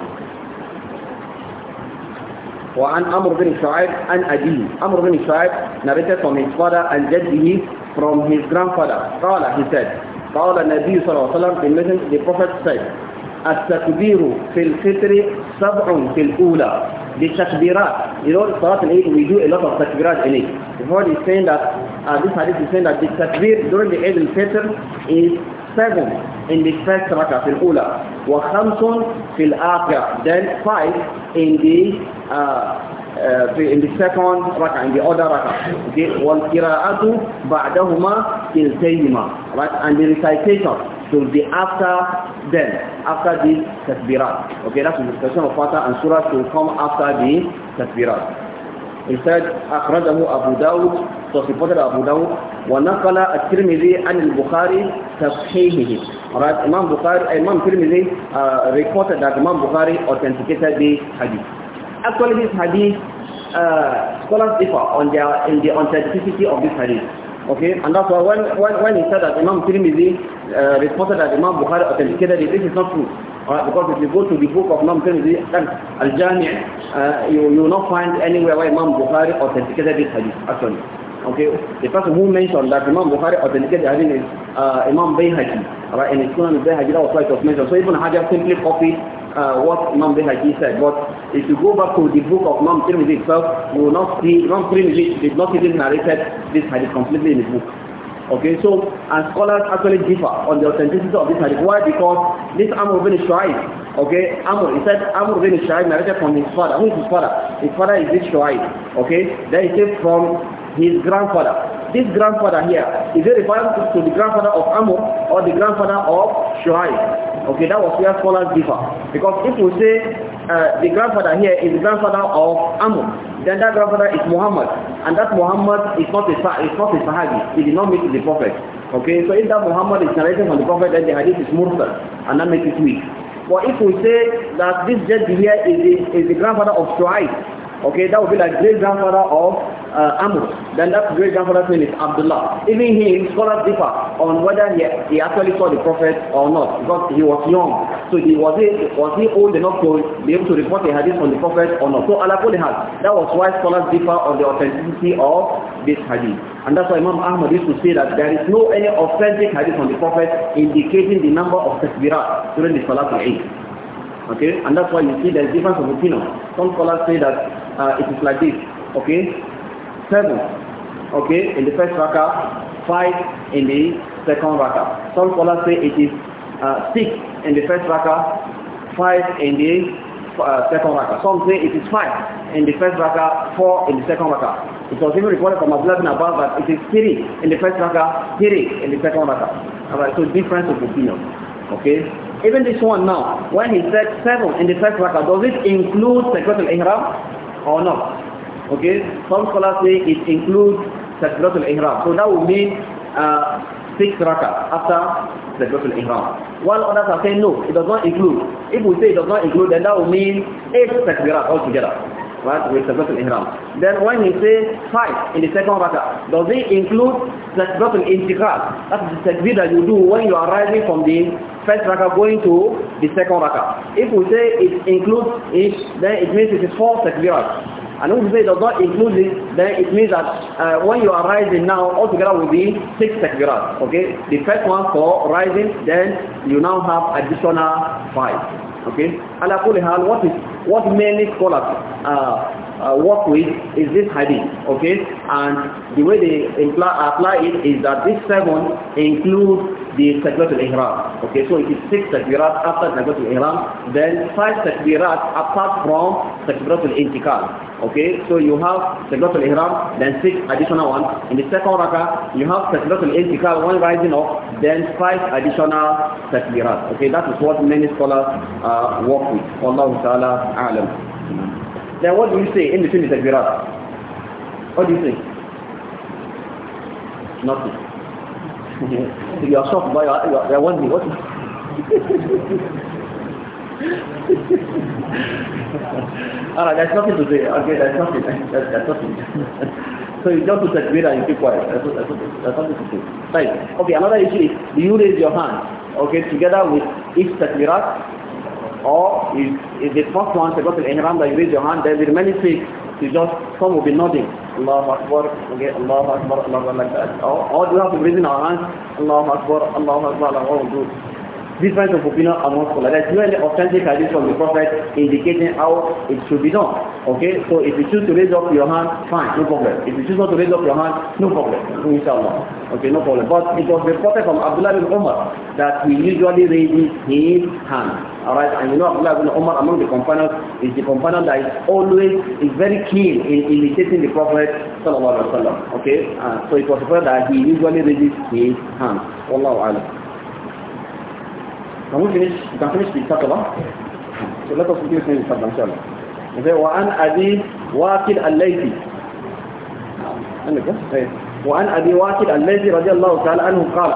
وعن أمر بن شعيب ان أبيه أمر بن شعيب narrated from his father and جده from his grandfather قال he said قال النبي صلى الله عليه وسلم the messenger the prophet said التكبير في الفطر سبع في الأولى بالتكبيرات you know صلاة العيد we do a lot of تكبيرات in it before he's saying that uh, this hadith is saying that the takbir during the Eid al-Fitr is seven in the first rakah, fil ula, wa khamsun fil akhir, then five in the uh, uh, in the second rakah, in the other rakah. Okay, wal qira'atu ba'dahuma kiltayhima. Right, and the recitation should be after them, after the tasbirat. Okay, that's the discussion of Fatah and Surah should come after the tasbirat. He said, أخرجه أبو داود وصفته أبو داود ونقل الترمذي عن البخاري تصحيحه. Right, Imam Bukhari, Imam Tirmidhi uh, reported that Imam Bukhari authenticated the hadith. Actually, this hadith, uh, scholars differ on their, in the authenticity of this hadith. Okay, and that's why when, when, when he said that Imam Tirmidhi uh, reported that Imam Bukhari authenticated it, this is not true. Right? Because if you go to the book of Imam Tirmidhi, Al-Jami', uh, you, you will not find anywhere where Imam Bukhari authenticated this hadith, actually. Okay, the person who mentioned that Imam Bukhari authenticated the hadith is uh, Imam Bayhaqi, right? And it's Sunan Bayhaqi, that was why it was mentioned. So even Hajar simply copied uh, what Imam Bayhaqi said. But if you go back to the book of Imam Tirmidhi itself, you will not see, Imam Tirmidhi did not even narrate this hadith completely in the book. Okay, so and scholars actually differ on the authenticity of this hadith. Why? Because this Amr bin Shu'aib, okay, Amr, he said Amr bin Shu'aib narrated from his father. Who is his father? His father is this Shu'aib, okay? Then he said from his grandfather. This grandfather here, is it referring to, to the grandfather of Amr or the grandfather of Shu'aib? Okay, that was where scholars differ. Because if we say Uh, the grandfather here is the grandfather of Amr. Then that grandfather is Muhammad. And that Muhammad is not a, is not a Sahabi. He did not meet the Prophet. Okay, so if that Muhammad is narrating from the Prophet, then the hadith is Mursal. And that makes it weak. But if we say that this Jed here is the, is the grandfather of Shu'aib, Okay, that would be like great grandfather of uh, Amos. Then that great grandfather's name is Abdullah. Even him, scholars differ on whether he, he actually saw the prophet or not because he was young. So he was he was he old enough to be able to report a hadith from the prophet or not. So Allah has That was why scholars differ on the authenticity of this hadith. And that's why Imam Ahmad used to say that there is no any authentic hadith from the prophet indicating the number of takbirat during the Salat al-Eid. Okay, and that's why you see there's difference of opinion. Some scholars say that uh, it is like this. Okay, seven. Okay, in the first raka, five in the second raka. Some scholars say it is uh, six in the first raka, five in the uh, second raka. Some say it is five in the first raka, four in the second raka. It was even reported from Abdullah ibn Abbas that it is three in the first raka, three in the second raka. Alright, so difference of opinion. Okay? Even this one now, when he said seven in the first raka, does it include the al-Ihram? or not. Okay, some scholars say it includes Takbiratul Ihram. So that would mean uh, six raka'ah after Takbiratul Ihram. While others are saying no, it does not include. If we say it does not include, then that would mean eight raka'ah altogether. Right, with Takbiratul Ihram. Then when he says five in the second raka'ah, does it include Takbiratul Intiqal? That's the takbir that you do when you are rising from the first rakah going to the second rakah. If we say it includes it, then it means it is four takbirat. And if we say it does not include it, then it means that uh, when you are rising now, altogether will be six takbirat. Okay? The first one for rising, then you now have additional five. Okay? Ala hal, what is what many scholars uh, uh, work with is this hadith, okay? And the way they apply it is that this seven includes the Takbiratul Ihram. Okay, so it is six Takbirat after Takbiratul Ihram, then five Takbirat apart from Takbiratul Intikal. Okay, so you have Takbiratul Ihram, then six additional ones. In the second rakah, you have Takbiratul Intikal, one rising up, then five additional Takbirat. Okay, that is what many scholars uh, work with. Wallahu ta'ala a'lam. Then what do you say in between the Takbirat? What do you say? Nothing. you are shocked by your, your, your one What? Alright, that's nothing to say. Okay, that's nothing. That's, that's nothing. so you jump to Takbir and you keep quiet. That's, that's, that's nothing to say. Right. Okay, another issue is do you raise your hand? Okay, together with each Takbirat or is, is the first one, the al-Ihram, that you raise your hand, then the remaining six you just, some will be nodding. Allahu Akbar, okay, Allahu Akbar, Allahu Akbar, like that. Or, or we have to raise in our hands, Allahu Akbar, Allahu Akbar, Allahu oh, Akbar. This kind of opinion among scholars. There's no any authentic hadith from the Prophet indicating how it should be done. Okay, so if you choose to raise up your hand, fine, no problem. If you choose not to raise up your hand, no problem, inshallah. Okay, no problem. But it was reported from Abdullah bin Umar that he usually raises his hand. Alright, and you know Abdullah ibn Umar among the companions is the companion that is always is very keen in imitating the Prophet Sallallahu Alaihi Wasallam. Okay? Uh, so it was said that he usually raises his hand. Allahu Alam. Can we finish? You can finish the Taqwa? So let us finish the Taqwa, inshallah. Okay, وعن أبي واكل الليثي وعن أبي واكل الليثي رضي الله تعالى عنه قال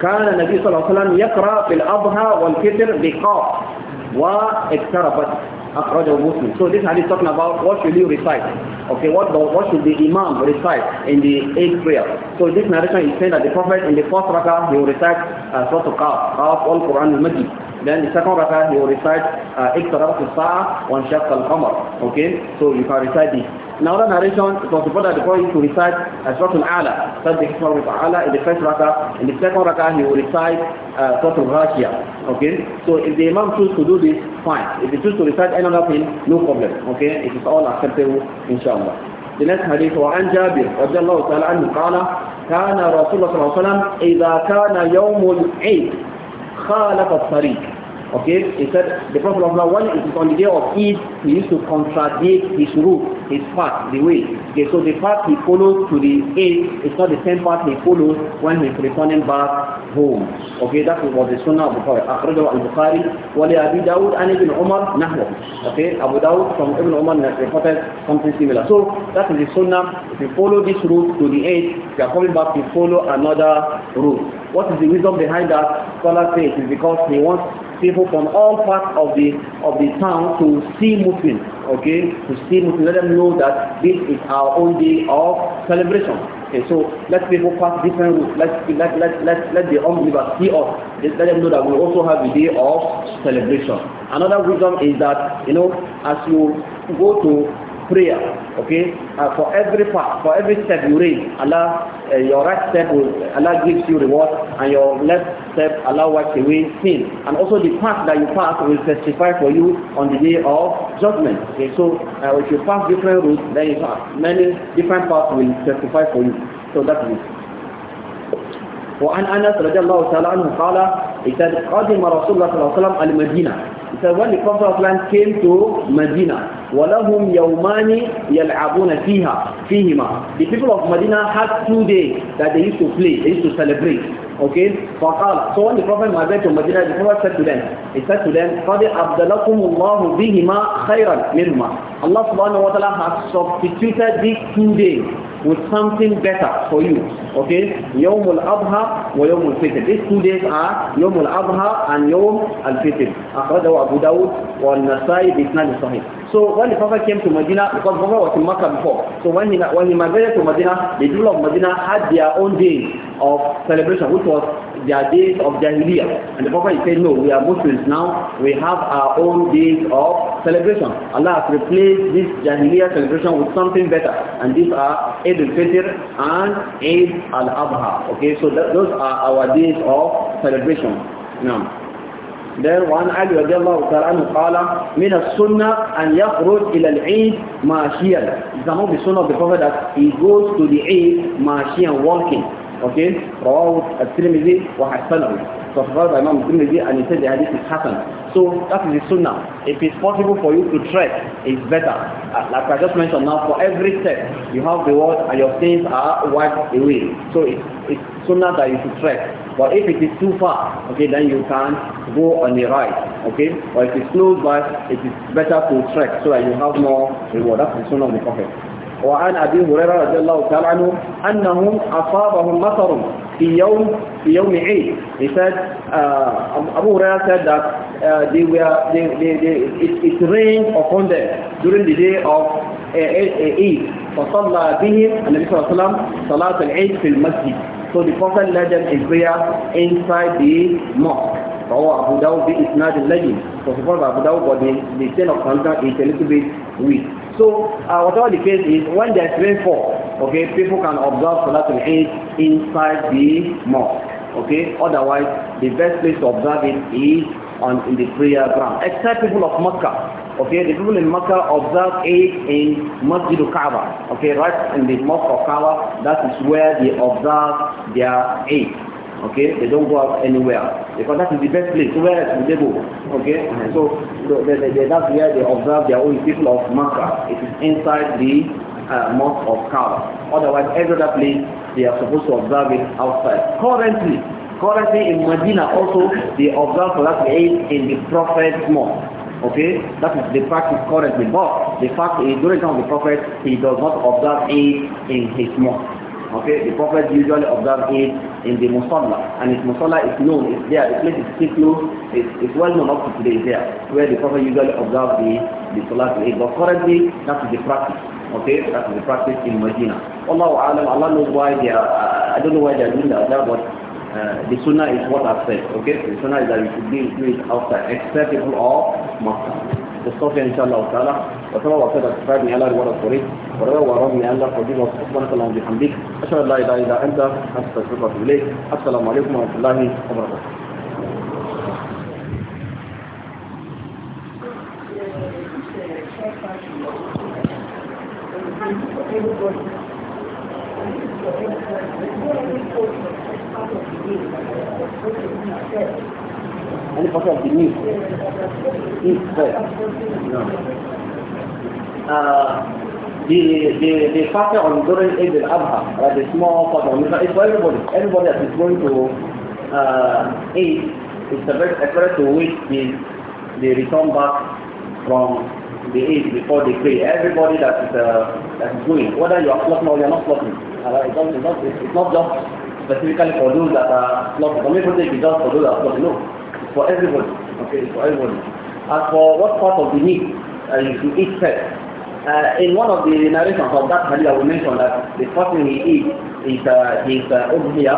كان النبي صلى الله عليه وسلم يقرأ في الأضحى والفطر بقاف واقتربت أخرجه Muslim. So this hadith talking about what should you recite. Okay, what what should the Imam recite in the eighth prayer. So this narration is saying that the Prophet in the first rakah he will recite uh, Surah Qaf, Qaf all Quran al-Majid. Then the second rakah he will recite uh, Iqtarabat al-Sa'ah wa Shaq al-Qamar. Okay, so you can recite this. Now another narration, it was reported before him to recite Asratul Ala, said the Hismar with Allah in the first rakah. In the second rakah, he will recite uh, Asratul Okay? So if the Imam chooses to do this, fine. If he chooses to recite another thing, no problem. Okay? It is all acceptable, inshallah. The next hadith, وعن جابر رضي الله تعالى عنه قال كان رسول الله صلى الله عليه وسلم إذا كان يوم العيد خالف الطريق Okay, he said the Prophet of Allah, when it is on the day of Eid, he used to contradict his route, his path, the way. Okay, so the path he follows to the Eid is not the same path he follows when he's returning back home. Okay, that was the Sunnah of the Prophet. Bukhari, البخاري Abi Dawud عن Ibn Umar نحوه. Okay, Abu Dawud from Ibn Umar reported something similar. So that is the Sunnah. If you follow this route to the Eid, if you are coming back, to follow another route. What is the reason behind that? Scholars say it is because he wants people from all parts of the of the town to see Muslims, okay, to see Muslims, let them know that this is our own day of celebration. Okay, so let people pass different routes. Let let let let let the unbelievers see us. let them know that we also have a day of celebration. Another reason is that you know as you go to prayer, okay? Uh, for every part, for every step you raise, Allah, uh, your right step, will, Allah gives you reward, and your left step, Allah wipes away sin. And also the path that you pass will testify for you on the day of judgment, okay? So uh, if you pass different routes, then many different paths will testify for you. So that's it. وعن انس رضي الله تعالى عنه قال اذا قدم رسول الله صلى الله عليه وسلم المدينه he said when the prophet came to medina ولهم يومان يلعبون فيها فيهما the people of Medina had two days that they used to play they used to celebrate okay فقال so when the prophet went to Medina the prophet said to them he said to them قد أبدلكم الله بهما خيرا منهما Allah subhanahu wa ta'ala has substituted these two days with something better for you okay يوم الأضحى ويوم الفطر these two days are يوم الأضحى and يوم الفطر أخرجه أبو داود والنسائي بإسناد صحيح So when the Prophet came to Medina, because Prophet was in Makkah before, so when he, when he migrated to Medina, the people of Medina had their own days of celebration, which was their days of Jahiliyyah. And the Prophet said, no, we are Muslims now, we have our own days of celebration. Allah has replaced this Jahiliyyah celebration with something better. And these are Eid al-Fitr and Eid al-Adha. Okay, so th those are our days of celebration. Now, Then one Ali radiallahu ta'ala qala, min as-sunnah an yakhruj ila al-Eid mashiyan. It's among sunnah the Prophet that he goes to the Eid mashiyan, walking. Okay? Rawahu at-Tirmidhi wa hasanahu. So by Imam Tirmidhi and he said the hadith is hasan. So that is the sunnah. If it's possible for you to tread, it's better. Uh, like I just mentioned now, for every step you have the word and your sins are wiped away. So it's, it's sunnah that you should tread. But if it is too far, okay, then you can go on the right, okay? But if it's close by, it is better to trek so that you have more reward. That's the sunnah of the Prophet. وعن أبي هريرة رضي الله تعالى عنه أنهم أصابهم مطر في يوم في يوم عيد. He said, uh, Abu Huraira said that uh, they were they, they, they, it, it rained upon them during the day of uh, Eid. فصلى بهم النبي صلى الله عليه وسلم صلاة العيد في المسجد So the Prophet led them in prayer inside the mosque. فهو أبو داود بإسناد اللين So the Prophet Abu Dawud but the, the chain of contact is a little bit weak. So uh, whatever the case is, when there's rainfall, okay, people can observe Salat al-Eid inside the mosque. Okay, otherwise the best place to observe it is on in the prayer ground, except people of Makkah. Okay, the people in Makkah observe Eid in Masjid al-Kaaba. Okay, right in the Mosque of Kaaba, that is where they observe their Eid. Okay, they don't go out anywhere because that is the best place. Where else will they go? Okay, mm -hmm. so that's where they observe their own people of Makkah. It is inside the uh, Mosque of Kaaba. Otherwise, every other place they are supposed to observe it outside. Currently, currently in Medina also they observe Salat Eid in the Prophet's Mosque. Okay? That is the practice currently. But the fact is during the time of the Prophet, he does not observe it in his mosque. Okay, the Prophet usually observes it in the Musalla. And his Musalla is known, it's there, the place is still it's, it's well known up to today there, where the Prophet usually observes the, the Salat But currently, that is the practice. Okay, that is the practice in Medina. Allah, Allah knows why they are, uh, I don't know why they are doing that, but uh, the sunnah is what I've said, okay? The sunnah is that you should be, do it outside, except people are masjid. نستطيع إن شاء الله تعالى وصلى الله وسلم أسفاد من الله الورد فريد ورد ورد من الله فريد وسبحانك اللهم بحمدك أشهد أن لا إله إلا أنت أستغفرك وأتوب إليك السلام عليكم ورحمة الله وبركاته Thank you. Any person the need is there. the the the factor on during Eid al-Adha, right, the small factor it's for everybody. Everybody that is going to uh, Eid is expected to wait the the return back from the Eid before they pray. Everybody that is uh, that is going, whether you are plotting or you are not plotting, right, uh, it's, it's, it's not just specifically for those that are not for me for is just for those that are not no it's for everybody okay it's for everybody as for what part of the meat uh, you should eat first uh, in one of the narrations of that hadith, I will mention that the first thing he eats is uh, his uh, obhiya.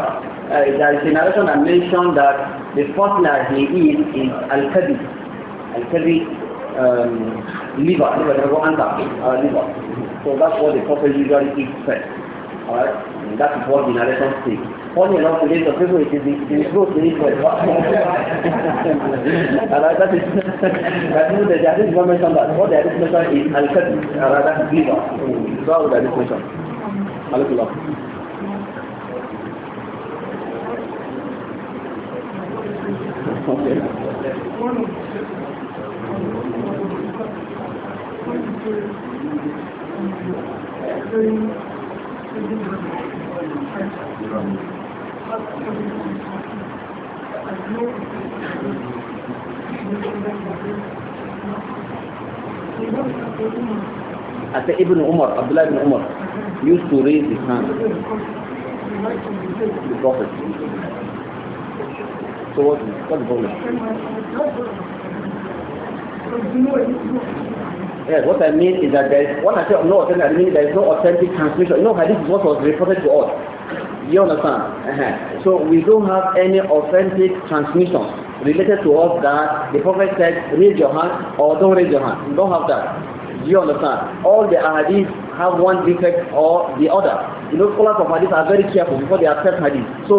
Uh, there is a narration that mentioned that the first thing that he eats is al-kadi. Al-kadi um, liver, liver, uh, liver. So that's what the prophet usually eats first. Alright? That is what the narration says not to today the people it is it is good to eat well. Alright, that is that is the Jadis that what the Jadis is al kat rather So how the Jadis mention? Okay. Thank you. I say Ibn Umar, Abdullah ibn Umar, used to raise his hand. The Prophet. So what, what's the problem? Yes, what I mean is that there is, when I say no authentic, I mean there is no authentic transmission. No this is what was reported to us. You understand? Uh -huh. So we don't have any authentic transmission related to us that the Prophet said, raise your hand or don't raise your hand. We don't have that. You understand? All the hadith have one defect or the other. You know, scholars of hadith are very careful before they accept hadith. So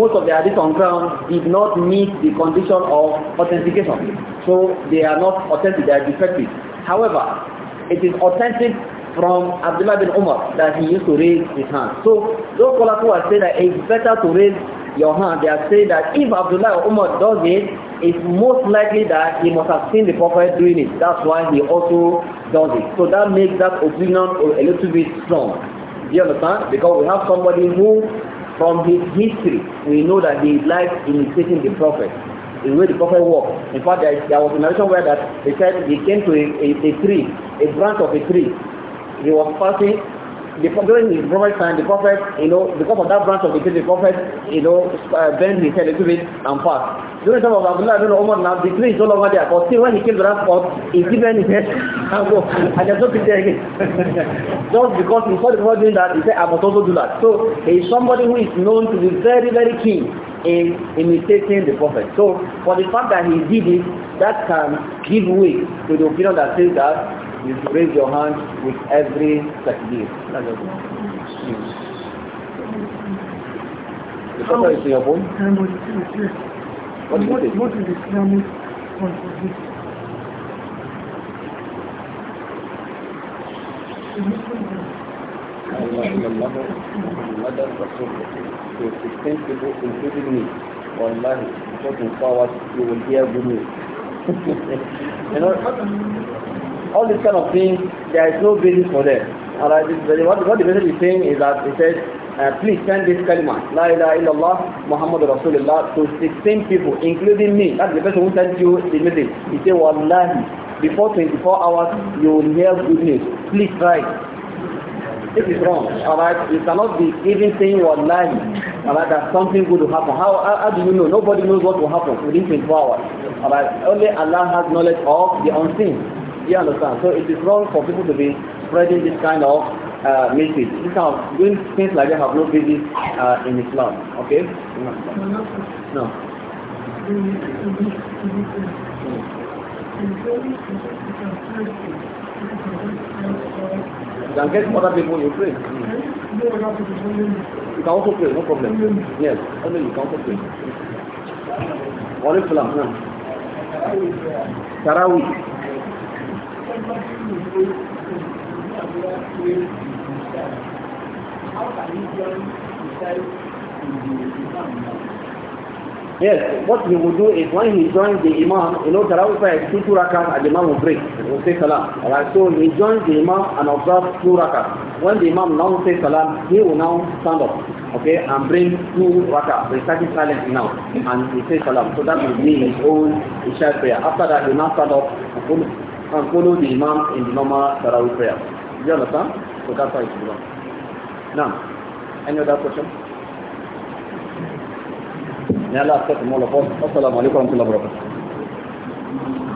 most of the hadith on ground did not meet the condition of authentication. So they are not authentic, they are defective. However, it is authentic from Abdullah bin Umar that he used to raise his hand. So those scholars who are saying that it's better to raise your hand, they are saying that if Abdullah or Umar does it, it's most likely that he must have seen the Prophet doing it. That's why he also does it. So that makes that opinion a little bit strong. Do you understand? Because we have somebody who, from his history, we know that he likes imitating the Prophet the way the prophet walked. In fact, there, there was a narration where that they said he came to a, a, a, tree, a branch of a tree, he was fasting. during his prophet time, the prophet, you know, because of that branch of the tree, the prophet, you know, uh, bent his head a little bit and passed. During the time of Abdullah ibn Umar, now the tree is no longer there. But still, when he came to that spot, he still bent his head and go, and there's no tree there again. Just because he saw the prophet doing that, he said, I must also do that. So, he is somebody who is known to be very, very keen in imitating the prophet. So for the fact that he did it, that can give way to the opinion that says that You raise your hand with every takbir. The Prophet is in your bone? What, what, is what is Islamic contribution? To ten people, including me, my looking powers, you will hear good news. you know, all these kind of things, there is no basis for them. Alright, what, what the message is saying is that he says, uh, please send this kalima, La ilaha illallah, Muhammad Rasulullah, to 16 people, including me. That's the person who sent you the message. He said, Wallahi, before 24 hours, you will hear good news. Please try. This is wrong, alright? You cannot be even saying wallahi, alright, that something good will happen. How, how, how do you know? Nobody knows what will happen within 24 hours, alright? Only Allah has knowledge of the unseen. You understand? So it is wrong for people to be spreading this kind of uh, message. This kind of doing things like that have no basis uh, in Islam. Okay? No. You can get other people you pray. You can also pray, no problem. Yes, only you can also pray. What is Islam? No. Tarawih. Yes, what he will do is when he joins the Imam, you know, Tarawih prayer is two, two and the Imam will break. will say salam. Alright, so he joins the Imam and observes two rakah. When the Imam now says salam, he will now stand up, okay, and bring two rakah, reciting silently now, and he says salam. So that will be his own Isha prayer. After that, he will now stand up and and follow the Imam in the normal Tarawih prayer. Do you understand? So that's why it's wrong. Now, any other question? May Allah accept all of us. Assalamu alaikum wa rahmatullahi wa barakatuh.